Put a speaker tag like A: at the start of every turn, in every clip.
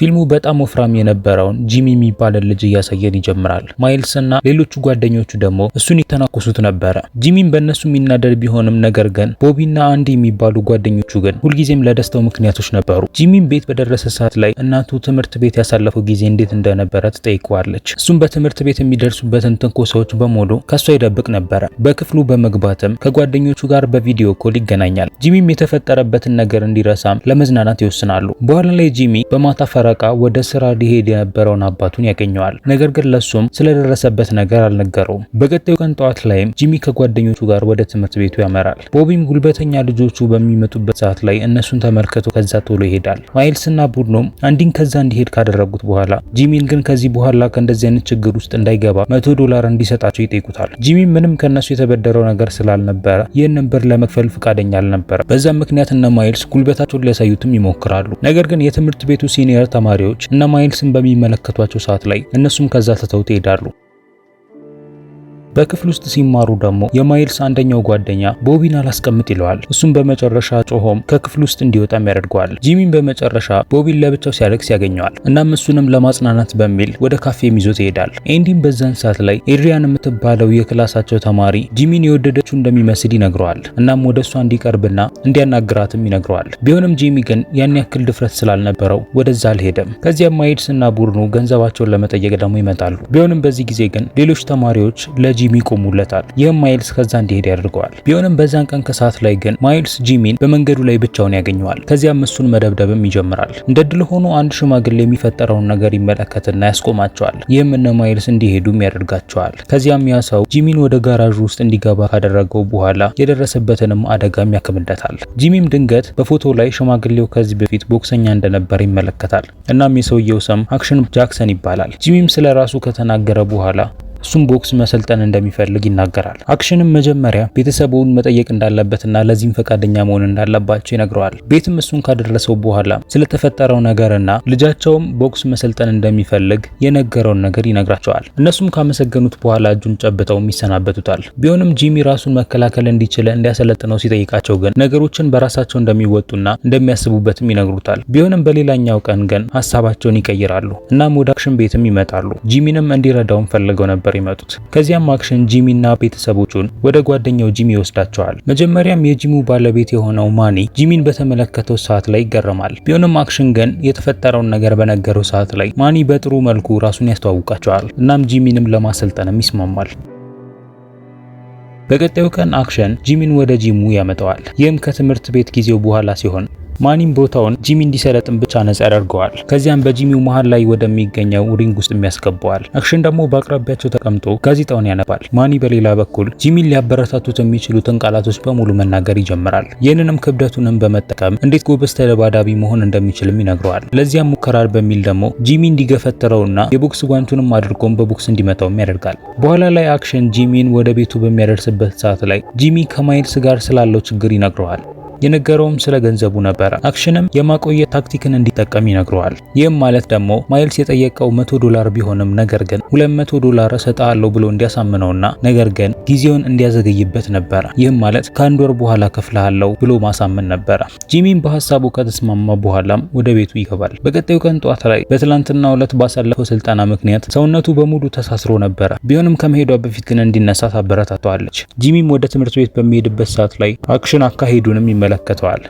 A: ፊልሙ በጣም ወፍራም የነበረውን ጂሚ የሚባልን ልጅ እያሳየን ይጀምራል። ማይልስ እና ሌሎቹ ጓደኞቹ ደግሞ እሱን የተናኮሱት ነበረ። ጂሚም በእነሱ የሚናደድ ቢሆንም ነገር ግን ቦቢና አንድ የሚባሉ ጓደኞቹ ግን ሁልጊዜም ለደስታው ምክንያቶች ነበሩ። ጂሚም ቤት በደረሰ ሰዓት ላይ እናቱ ትምህርት ቤት ያሳለፈው ጊዜ እንዴት እንደነበረ ትጠይቀዋለች። እሱም በትምህርት ቤት የሚደርሱበትን ትንኮሳዎች በሙሉ ከእሷ ይደብቅ ነበረ። በክፍሉ በመግባትም ከጓደኞቹ ጋር በቪዲዮ ኮል ይገናኛል። ጂሚም የተፈጠረበትን ነገር እንዲረሳም ለመዝናናት ይወስናሉ። በኋላ ላይ ጂሚ በማታ ፈራ በምረቃ ወደ ስራ ሊሄድ የነበረውን አባቱን ያገኘዋል። ነገር ግን ለሱም ስለደረሰበት ነገር አልነገረውም። በቀጣዩ ቀን ጠዋት ላይም ጂሚ ከጓደኞቹ ጋር ወደ ትምህርት ቤቱ ያመራል። ቦቢም ጉልበተኛ ልጆቹ በሚመጡበት ሰዓት ላይ እነሱን ተመልክቶ ከዛ ቶሎ ይሄዳል። ማይልስና ቡድኖም አንዲን ከዛ እንዲሄድ ካደረጉት በኋላ ጂሚን ግን ከዚህ በኋላ ከእንደዚህ አይነት ችግር ውስጥ እንዳይገባ መቶ ዶላር እንዲሰጣቸው ይጠይቁታል። ጂሚ ምንም ከእነሱ የተበደረው ነገር ስላልነበረ ይህንን ብር ለመክፈል ፈቃደኛ አልነበረ። በዛም ምክንያት እነ ማይልስ ጉልበታቸውን ሊያሳዩትም ይሞክራሉ። ነገር ግን የትምህርት ቤቱ ሲኒየር ተማሪዎች እነ ማይልስን በሚመለከቷቸው ሰዓት ላይ እነሱም ከዛ ትተውት ይሄዳሉ። በክፍል ውስጥ ሲማሩ ደግሞ የማይልስ አንደኛው ጓደኛ ቦቢን አላስቀምጥ ይለዋል። እሱም በመጨረሻ ጮሆም ከክፍል ውስጥ እንዲወጣም ያደርገዋል። ጂሚን በመጨረሻ ቦቢን ለብቻው ሲያለቅስ ያገኘዋል። እናም እሱንም ለማጽናናት በሚል ወደ ካፌም ይዞት ይሄዳል። ኤንዲም በዛን ሰዓት ላይ ኤድሪያን የምትባለው የክላሳቸው ተማሪ ጂሚን የወደደችው እንደሚመስል ይነግረዋል። እናም ወደ እሷ እንዲቀርብና እንዲያናግራትም ይነግረዋል። ቢሆንም ጂሚ ግን ያን ያክል ድፍረት ስላልነበረው ወደዛ አልሄደም። ከዚያም ማይልስና ቡድኑ ገንዘባቸውን ለመጠየቅ ደግሞ ይመጣሉ። ቢሆንም በዚህ ጊዜ ግን ሌሎች ተማሪዎች ለ ጂሚ ይቆሙለታል። ይህም ማይልስ ከዛ እንዲሄድ ያደርገዋል። ቢሆንም በዛን ቀን ከሰዓት ላይ ግን ማይልስ ጂሚን በመንገዱ ላይ ብቻውን ያገኘዋል። ከዚያም እሱን መደብደብም ይጀምራል። እንደ ድል ሆኖ አንድ ሽማግሌ የሚፈጠረውን ነገር ይመለከትና ያስቆማቸዋል። ይህም እነ ማይልስ እንዲሄዱም ያደርጋቸዋል። ከዚያም ያ ሰው ጂሚን ወደ ጋራዥ ውስጥ እንዲገባ ካደረገው በኋላ የደረሰበትንም አደጋም ያክምለታል። ጂሚም ድንገት በፎቶ ላይ ሽማግሌው ከዚህ በፊት ቦክሰኛ እንደነበር ይመለከታል። እናም የሰውየው ስም አክሽን ጃክሰን ይባላል። ጂሚም ስለ ራሱ ከተናገረ በኋላ እሱም ቦክስ መሰልጠን እንደሚፈልግ ይናገራል። አክሽንም መጀመሪያ ቤተሰቡን መጠየቅ እንዳለበትና ለዚህም ፈቃደኛ መሆን እንዳለባቸው ይነግረዋል። ቤትም እሱን ካደረሰው በኋላ ስለተፈጠረው ነገርና ልጃቸውም ቦክስ መሰልጠን እንደሚፈልግ የነገረውን ነገር ይነግራቸዋል። እነሱም ካመሰገኑት በኋላ እጁን ጨብጠውም ይሰናበቱታል። ቢሆንም ጂሚ ራሱን መከላከል እንዲችል እንዲያሰለጥነው ሲጠይቃቸው ግን ነገሮችን በራሳቸው እንደሚወጡና እንደሚያስቡበትም ይነግሩታል። ቢሆንም በሌላኛው ቀን ግን ሀሳባቸውን ይቀይራሉ። እናም ወደ አክሽን ቤትም ይመጣሉ። ጂሚንም እንዲረዳውም ፈልገው ነበር ነበር ይመጡት። ከዚያም አክሽን ጂሚና ቤተሰቦቹን ወደ ጓደኛው ጂሚ ይወስዳቸዋል። መጀመሪያም የጂሙ ባለቤት የሆነው ማኒ ጂሚን በተመለከተው ሰዓት ላይ ይገረማል። ቢሆንም አክሽን ግን የተፈጠረውን ነገር በነገረው ሰዓት ላይ ማኒ በጥሩ መልኩ ራሱን ያስተዋውቃቸዋል። እናም ጂሚንም ለማሰልጠንም ይስማማል። በቀጣዩ ቀን አክሽን ጂሚን ወደ ጂሙ ያመጣዋል። ይህም ከትምህርት ቤት ጊዜው በኋላ ሲሆን ማኒም ቦታውን ጂሚ እንዲሰለጥን ብቻ ነጻ ያደርገዋል። ከዚያም በጂሚው መሃል ላይ ወደሚገኘው ሪንግ ውስጥ የሚያስገባዋል። አክሽን ደግሞ በአቅራቢያቸው ተቀምጦ ጋዜጣውን ያነባል። ማኒ በሌላ በኩል ጂሚን ሊያበረታቱት የሚችሉትን ቃላቶች በሙሉ መናገር ይጀምራል። ይህንንም ክብደቱንም በመጠቀም እንዴት ጎበዝ ተደባዳቢ መሆን እንደሚችልም ይነግረዋል። ለዚያም ሙከራር በሚል ደግሞ ጂሚ እንዲገፈትረውና የቦክስ ጓንቱንም አድርጎም በቦክስ እንዲመታውም ያደርጋል። በኋላ ላይ አክሽን ጂሚን ወደ ቤቱ በሚያደርስበት ሰዓት ላይ ጂሚ ከማይልስ ጋር ስላለው ችግር ይነግረዋል። የነገረውም ስለ ገንዘቡ ነበረ። አክሽንም የማቆየት ታክቲክን እንዲጠቀም ይነግረዋል። ይህም ማለት ደግሞ ማይልስ የጠየቀው መቶ ዶላር ቢሆንም ነገር ግን 200 ዶላር እሰጥሃለሁ ብሎ እንዲያሳምነውና ነገር ግን ጊዜውን እንዲያዘገይበት ነበረ። ይህም ማለት ከአንድ ወር በኋላ ከፍልሃለሁ ብሎ ማሳመን ነበረ። ጂሚም በሀሳቡ ከተስማማ በኋላም ወደ ቤቱ ይገባል። በቀጣዩ ቀን ጧት ላይ በትላንትናው ዕለት ባሳለፈው ስልጠና ምክንያት ሰውነቱ በሙሉ ተሳስሮ ነበረ። ቢሆንም ከመሄዷ በፊት ግን እንዲነሳ ታበረታተዋለች። ጂሚም ወደ ትምህርት ቤት በሚሄድበት ሰዓት ላይ አክሽን አካሄዱንም ይመለከተዋል።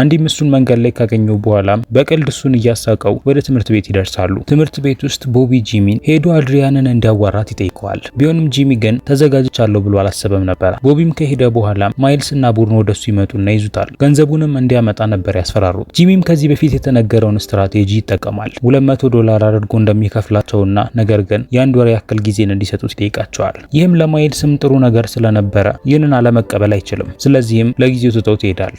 A: አንዲም እሱን መንገድ ላይ ካገኘው በኋላም በቀልድ እሱን እያሳቀው ወደ ትምህርት ቤት ይደርሳሉ። ትምህርት ቤት ውስጥ ቦቢ ጂሚን ሄዶ አድሪያንን እንዲያዋራት ይጠይቀዋል። ቢሆንም ጂሚ ግን ተዘጋጅቻለሁ ብሎ አላሰበም ነበር። ቦቢም ከሄደ በኋላ ማይልስ እና ቡድን ወደሱ ይመጡና ይዙታል። ገንዘቡንም እንዲያመጣ ነበር ያስፈራሩት። ጂሚም ከዚህ በፊት የተነገረውን ስትራቴጂ ይጠቀማል። 200 ዶላር አድርጎ እንደሚከፍላቸውና ነገር ግን የአንድ ወር ያክል ጊዜን እንዲሰጡት ይጠይቃቸዋል። ይህም ለማይልስም ጥሩ ነገር ስለነበረ ይህንን አለመቀበል አይችልም። ስለዚህም ለጊዜው ትተው ይሄዳል።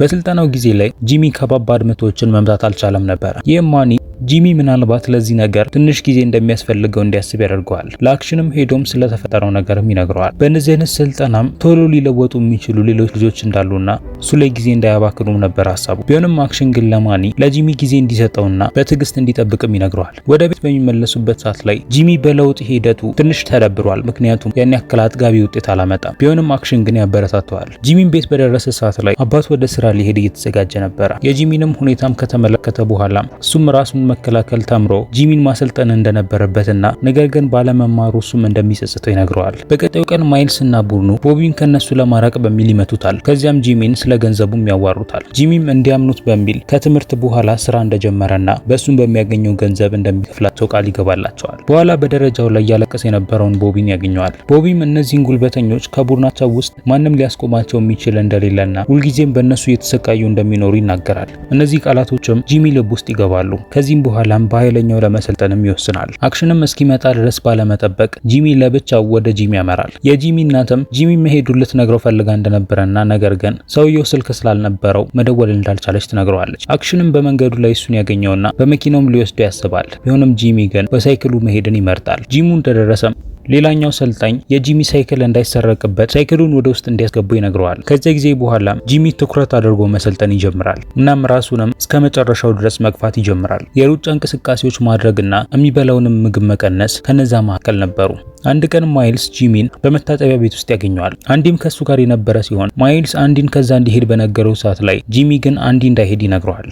A: በስልጠናው ጊዜ ላይ ጂሚ ከባባድ ምቶችን መምታት አልቻለም ነበር። ይህም ማኒ ጂሚ ምናልባት ለዚህ ነገር ትንሽ ጊዜ እንደሚያስፈልገው እንዲያስብ ያደርገዋል። ለአክሽንም ሄዶም ስለተፈጠረው ነገርም ይነግረዋል። በእነዚህ አይነት ስልጠናም ቶሎ ሊለወጡ የሚችሉ ሌሎች ልጆች እንዳሉና እሱ ላይ ጊዜ እንዳያባክኑም ነበር ሀሳቡ። ቢሆንም አክሽን ግን ለማኒ ለጂሚ ጊዜ እንዲሰጠውና በትዕግስት እንዲጠብቅም ይነግረዋል። ወደ ቤት በሚመለሱበት ሰዓት ላይ ጂሚ በለውጥ ሂደቱ ትንሽ ተደብሯል። ምክንያቱም ያን ያክል አጥጋቢ ውጤት አላመጣም። ቢሆንም አክሽን ግን ያበረታተዋል። ጂሚም ቤት በደረሰ ሰዓት ላይ አባቱ ወደ ስራ ሊሄድ እየተዘጋጀ ነበረ። የጂሚንም ሁኔታም ከተመለከተ በኋላ እሱም ራሱን መከላከል ተምሮ ጂሚን ማሰልጠን እንደነበረበትና ነገር ግን ባለመማሩ እሱም እንደሚጸጽተው ይነግረዋል። በቀጣዩ ቀን እና ቡድኑ ቦቢን ከነሱ ለማራቅ በሚል ይመቱታል። ከዚያም ጂሚን ስለ ገንዘቡም ያዋሩታል። ጂሚም እንዲያምኑት በሚል ከትምህርት በኋላ ስራ እንደጀመረና በእሱም በሚያገኘው ገንዘብ እንደሚከፍላቸው ቃል ይገባላቸዋል። በኋላ በደረጃው ላይ ያለቀሰ የነበረውን ቦቢን ያገኘዋል። ቦቢም እነዚህን ጉልበተኞች ከቡድናቸው ውስጥ ማንም ሊያስቆማቸው የሚችል እንደሌለና ሁልጊዜም በእነሱ እየተሰቃዩ እንደሚኖሩ ይናገራል። እነዚህ ቃላቶችም ጂሚ ልብ ውስጥ ይገባሉ። ከዚህም በኋላም በኃይለኛው ለመሰልጠንም ይወስናል። አክሽንም እስኪመጣ ድረስ ባለመጠበቅ ጂሚ ለብቻው ወደ ጂሚ ያመራል። የጂሚ እናትም ጂሚ መሄዱ ልትነግረው ፈልጋ እንደነበረና ነገር ግን ሰውየው ስልክ ስላልነበረው መደወል እንዳልቻለች ትነግረዋለች። አክሽንም በመንገዱ ላይ እሱን ያገኘውና በመኪናውም ሊወስደው ያስባል። ቢሆንም ጂሚ ግን በሳይክሉ መሄድን ይመርጣል። ጂሙ እንደደረሰም ሌላኛው ሰልጣኝ የጂሚ ሳይክል እንዳይሰረቅበት ሳይክሉን ወደ ውስጥ እንዲያስገቡ ይነግረዋል። ከዚያ ጊዜ በኋላ ጂሚ ትኩረት አድርጎ መሰልጠን ይጀምራል። እናም ራሱንም እስከ መጨረሻው ድረስ መግፋት ይጀምራል። የሩጫ እንቅስቃሴዎች ማድረግና የሚበላውንም ምግብ መቀነስ ከነዛ መካከል ነበሩ። አንድ ቀን ማይልስ ጂሚን በመታጠቢያ ቤት ውስጥ ያገኘዋል። አንዲም ከሱ ጋር የነበረ ሲሆን ማይልስ አንዲን ከዛ እንዲሄድ በነገረው ሰዓት ላይ ጂሚ ግን አንዲ እንዳይሄድ ይነግረዋል።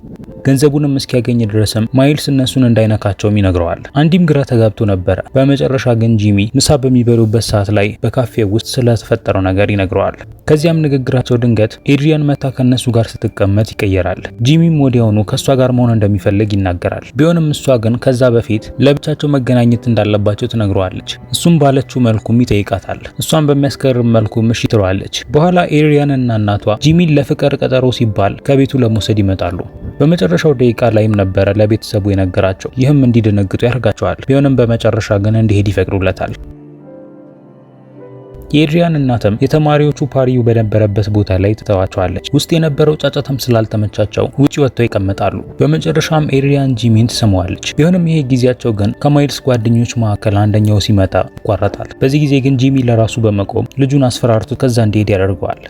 A: ገንዘቡንም እስኪያገኝ ድረስም ማይልስ እነሱን እንዳይነካቸውም ይነግረዋል። አንዲም ግራ ተጋብቶ ነበረ። በመጨረሻ ግን ጂሚ ምሳ በሚበሉበት ሰዓት ላይ በካፌ ውስጥ ስለተፈጠረው ነገር ይነግረዋል። ከዚያም ንግግራቸው ድንገት ኤድሪያን መታ ከነሱ ጋር ስትቀመጥ ይቀየራል። ጂሚም ወዲያውኑ ከእሷ ጋር መሆን እንደሚፈልግ ይናገራል። ቢሆንም እሷ ግን ከዛ በፊት ለብቻቸው መገናኘት እንዳለባቸው ትነግረዋለች። እሱም ባለችው መልኩም ይጠይቃታል። እሷን በሚያስገርም መልኩ እሺ ትለዋለች። በኋላ ኤሪያን እና እናቷ ጂሚን ለፍቅር ቀጠሮ ሲባል ከቤቱ ለመውሰድ ይመጣሉ። በመጨረሻው ደቂቃ ላይም ነበረ ለቤተሰቡ የነገራቸው። ይህም እንዲደነግጡ ያደርጋቸዋል። ቢሆንም በመጨረሻ ግን እንዲሄድ ይፈቅዱለታል። የኤድሪያን እናትም የተማሪዎቹ ፓሪው በነበረበት ቦታ ላይ ትተዋቸዋለች። ውስጥ የነበረው ጫጫታም ስላልተመቻቸው ውጪ ወጥተው ይቀመጣሉ። በመጨረሻም ኤድሪያን ጂሚን ትስመዋለች። ቢሆንም ይሄ ጊዜያቸው ግን ከማይልስ ጓደኞች መካከል አንደኛው ሲመጣ ይቋረጣል። በዚህ ጊዜ ግን ጂሚ ለራሱ በመቆም ልጁን አስፈራርቶ ከዛ እንዲሄድ ያደርገዋል።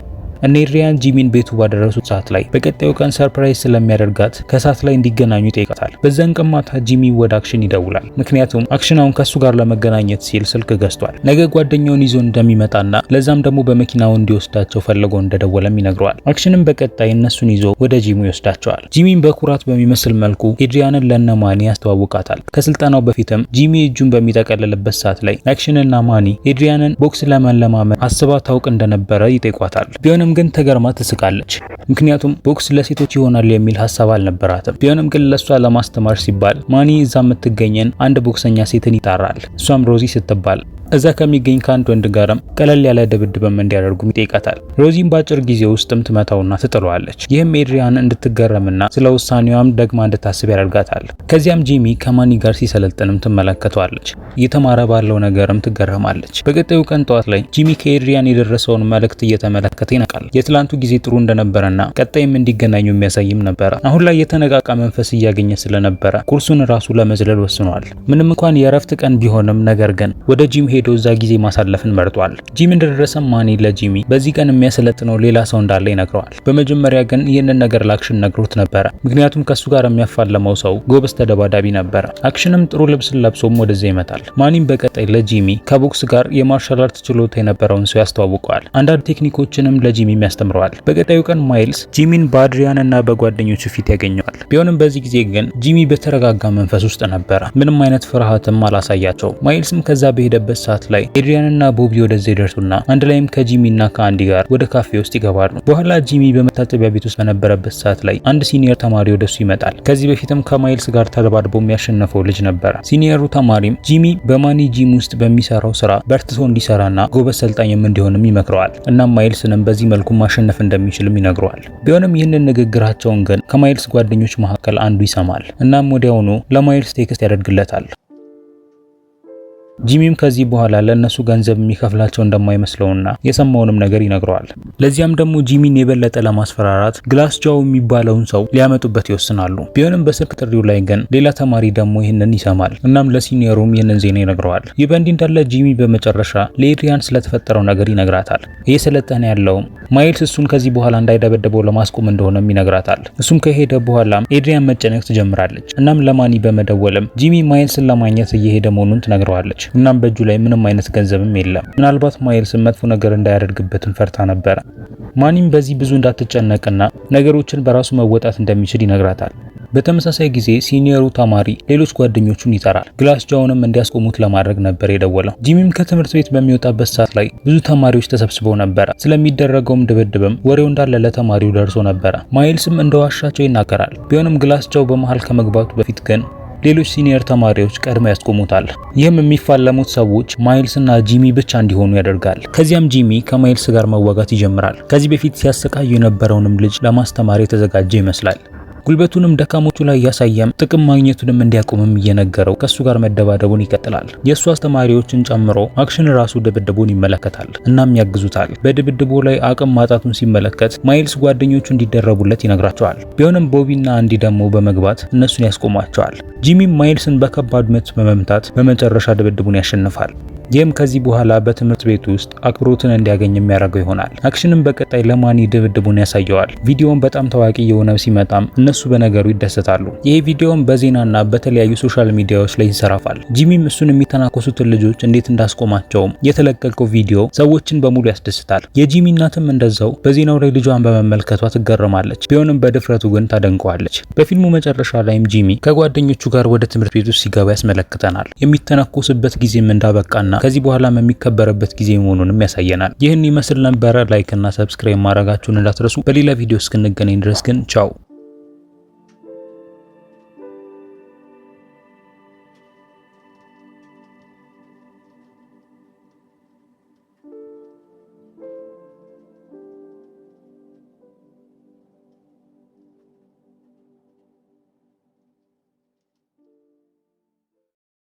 A: እነ ኤድሪያን ጂሚን ቤቱ ባደረሱ ሰዓት ላይ በቀጣዩ ቀን ሰርፕራይዝ ስለሚያደርጋት ከሰዓት ላይ እንዲገናኙ ይጠይቃታል። በዛን ቀን ማታ ጂሚ ወደ አክሽን ይደውላል። ምክንያቱም አክሽን አሁን ከሱ ጋር ለመገናኘት ሲል ስልክ ገዝቷል። ነገ ጓደኛውን ይዞ እንደሚመጣና ለዛም ደግሞ በመኪናው እንዲወስዳቸው ፈልጎ እንደደወለም ይነግረዋል። አክሽንም በቀጣይ እነሱን ይዞ ወደ ጂሚ ይወስዳቸዋል። ጂሚን በኩራት በሚመስል መልኩ ኤድሪያንን ለነ ማኒ ያስተዋውቃታል። ከስልጠናው በፊትም ጂሚ እጁን በሚጠቀልልበት ሰዓት ላይ አክሽንና ማኒ ኤድሪያንን ቦክስ ለመለማመን አስባ ታውቅ እንደነበረ ይጠይቋታል። ቢሆንም ቢሆንም ግን ተገርማ ትስቃለች። ምክንያቱም ቦክስ ለሴቶች ይሆናል የሚል ሀሳብ አልነበራትም። ቢሆንም ግን ለእሷ ለማስተማር ሲባል ማኒ እዛ የምትገኘን አንድ ቦክሰኛ ሴትን ይጣራል። እሷም ሮዚ ስትባል እዛ ከሚገኝ ከአንድ ወንድ ጋርም ቀለል ያለ ድብድብም እንዲያደርጉም ይጠይቃታል። ሮዚም በአጭር ጊዜ ውስጥም ትመታውና ትጥለዋለች። ይህም ኤድሪያን እንድትገረምና ስለ ውሳኔዋም ደግማ እንድታስብ ያደርጋታል። ከዚያም ጂሚ ከማኒ ጋር ሲሰለጥንም ትመለከተዋለች። እየተማረ ባለው ነገርም ትገረማለች። በቀጣዩ ቀን ጠዋት ላይ ጂሚ ከኤድሪያን የደረሰውን መልእክት እየተመለከተ ይነቃል። የትላንቱ ጊዜ ጥሩ እንደነበረና ቀጣይም እንዲገናኙ የሚያሳይም ነበረ። አሁን ላይ የተነቃቃ መንፈስ እያገኘ ስለነበረ ቁርሱን ራሱ ለመዝለል ወስኗል። ምንም እንኳን የእረፍት ቀን ቢሆንም ነገር ግን ወደ ጂም ሄዶ እዛ ጊዜ ማሳለፍን መርጧል። ጂም እንደደረሰ ማኒ ለጂሚ በዚህ ቀን የሚያሰለጥነው ሌላ ሰው እንዳለ ይነግረዋል። በመጀመሪያ ግን ይህንን ነገር ለአክሽን ነግሮት ነበረ፣ ምክንያቱም ከሱ ጋር የሚያፋለመው ሰው ጎበዝ ተደባዳቢ ነበረ። አክሽንም ጥሩ ልብስን ለብሶም ወደዚያ ይመጣል። ማኒም በቀጣይ ለጂሚ ከቦክስ ጋር የማርሻል አርት ችሎታ የነበረውን ሰው ያስተዋውቀዋል። አንዳንድ ቴክኒኮችንም ለጂሚ ያስተምረዋል። በቀጣዩ ቀን ማይልስ ጂሚን በአድሪያን እና በጓደኞቹ ፊት ያገኘዋል። ቢሆንም በዚህ ጊዜ ግን ጂሚ በተረጋጋ መንፈስ ውስጥ ነበረ፣ ምንም አይነት ፍርሃትም አላሳያቸው። ማይልስም ከዛ በሄደበት ሰዓት ላይ ኤድሪያን እና ቦቢ ወደዚህ ይደርሱና አንድ ላይም ከጂሚ እና ከአንዲ ጋር ወደ ካፌ ውስጥ ይገባሉ። በኋላ ጂሚ በመታጠቢያ ቤት ውስጥ በነበረበት ሰዓት ላይ አንድ ሲኒየር ተማሪ ወደሱ ይመጣል። ከዚህ በፊትም ከማይልስ ጋር ተደባድቦ የሚያሸነፈው ልጅ ነበረ። ሲኒየሩ ተማሪም ጂሚ በማኒ ጂም ውስጥ በሚሰራው ስራ በርትቶ እንዲሰራና ጎበዝ ሰልጣኝም እንዲሆንም ይመክረዋል። እናም ማይልስንም በዚህ መልኩ ማሸነፍ እንደሚችልም ይነግረዋል። ቢሆንም ይህንን ንግግራቸውን ግን ከማይልስ ጓደኞች መካከል አንዱ ይሰማል። እናም ወዲያውኑ ለማይልስ ቴክስት ያደርግለታል። ጂሚም ከዚህ በኋላ ለእነሱ ገንዘብ የሚከፍላቸው እንደማይመስለውና የሰማውንም ነገር ይነግረዋል። ለዚያም ደግሞ ጂሚን የበለጠ ለማስፈራራት ግላስ ጃው የሚባለውን ሰው ሊያመጡበት ይወስናሉ። ቢሆንም በስልክ ጥሪው ላይ ግን ሌላ ተማሪ ደግሞ ይህንን ይሰማል። እናም ለሲኒየሩም ይህንን ዜና ይነግረዋል። ይህ በእንዲህ እንዳለ ጂሚ በመጨረሻ ለኤድሪያን ስለተፈጠረው ነገር ይነግራታል። እየሰለጠነ ያለውም ማይልስ እሱን ከዚህ በኋላ እንዳይደበደበው ለማስቆም እንደሆነም ይነግራታል። እሱም ከሄደ በኋላም ኤድሪያን መጨነቅ ትጀምራለች። እናም ለማኒ በመደወልም ጂሚ ማይልስን ለማግኘት እየሄደ መሆኑን ትነግረዋለች። እናም በእጁ ላይ ምንም አይነት ገንዘብም የለም። ምናልባት ማይልስን መጥፎ ነገር እንዳያደርግበትን ፈርታ ነበረ። ማኒም በዚህ ብዙ እንዳትጨነቅና ነገሮችን በራሱ መወጣት እንደሚችል ይነግራታል። በተመሳሳይ ጊዜ ሲኒየሩ ተማሪ ሌሎች ጓደኞቹን ይጠራል። ግላስ ጃውንም እንዲያስቆሙት ለማድረግ ነበር የደወለው። ጂሚም ከትምህርት ቤት በሚወጣበት ሰዓት ላይ ብዙ ተማሪዎች ተሰብስበው ነበረ። ስለሚደረገውም ድብድብም ወሬው እንዳለ ለተማሪው ደርሶ ነበረ። ማይልስም እንደዋሻቸው ይናገራል። ቢሆንም ግላስ ጃው በመሃል ከመግባቱ በፊት ግን ሌሎች ሲኒየር ተማሪዎች ቀድመው ያስቆሙታል። ይህም የሚፋለሙት ሰዎች ማይልስ እና ጂሚ ብቻ እንዲሆኑ ያደርጋል። ከዚያም ጂሚ ከማይልስ ጋር መዋጋት ይጀምራል። ከዚህ በፊት ሲያሰቃዩ የነበረውንም ልጅ ለማስተማር የተዘጋጀ ይመስላል። ጉልበቱንም ደካሞቹ ላይ እያሳየም ጥቅም ማግኘቱንም እንዲያቆምም እየነገረው ከእሱ ጋር መደባደቡን ይቀጥላል። የእሱ አስተማሪዎችን ጨምሮ አክሽን ራሱ ድብድቡን ይመለከታል እናም ያግዙታል። በድብድቡ ላይ አቅም ማጣቱን ሲመለከት ማይልስ ጓደኞቹ እንዲደረቡለት ይነግራቸዋል። ቢሆንም ቦቢና አንዲ ደግሞ በመግባት እነሱን ያስቆሟቸዋል። ጂሚም ማይልስን በከባድ ምት በመምታት በመጨረሻ ድብድቡን ያሸንፋል። ይህም ከዚህ በኋላ በትምህርት ቤት ውስጥ አክብሮትን እንዲያገኝ የሚያደርገው ይሆናል። አክሽንም በቀጣይ ለማኒ ድብድቡን ያሳየዋል። ቪዲዮውን በጣም ታዋቂ የሆነ ሲመጣም እነሱ በነገሩ ይደሰታሉ። ይህ ቪዲዮም በዜናና በተለያዩ ሶሻል ሚዲያዎች ላይ ይንሰራፋል። ጂሚም እሱን የሚተናኮሱትን ልጆች እንዴት እንዳስቆማቸውም የተለቀቀው ቪዲዮ ሰዎችን በሙሉ ያስደስታል። የጂሚ እናትም እንደዛው በዜናው ላይ ልጇን በመመልከቷ ትገረማለች። ቢሆንም በድፍረቱ ግን ታደንቀዋለች። በፊልሙ መጨረሻ ላይም ጂሚ ከጓደኞቹ ጋር ወደ ትምህርት ቤቱ ሲገባ ያስመለክተናል። የሚተናኮስበት ጊዜም እንዳበቃና ከዚህ በኋላም የሚከበረበት ጊዜ መሆኑንም ያሳየናል። ይህን ይመስል ነበረ። ላይክ እና ሰብስክራይብ ማድረጋችሁን እንዳትረሱ። በሌላ ቪዲዮ እስክንገናኝ ድረስ ግን ቻው።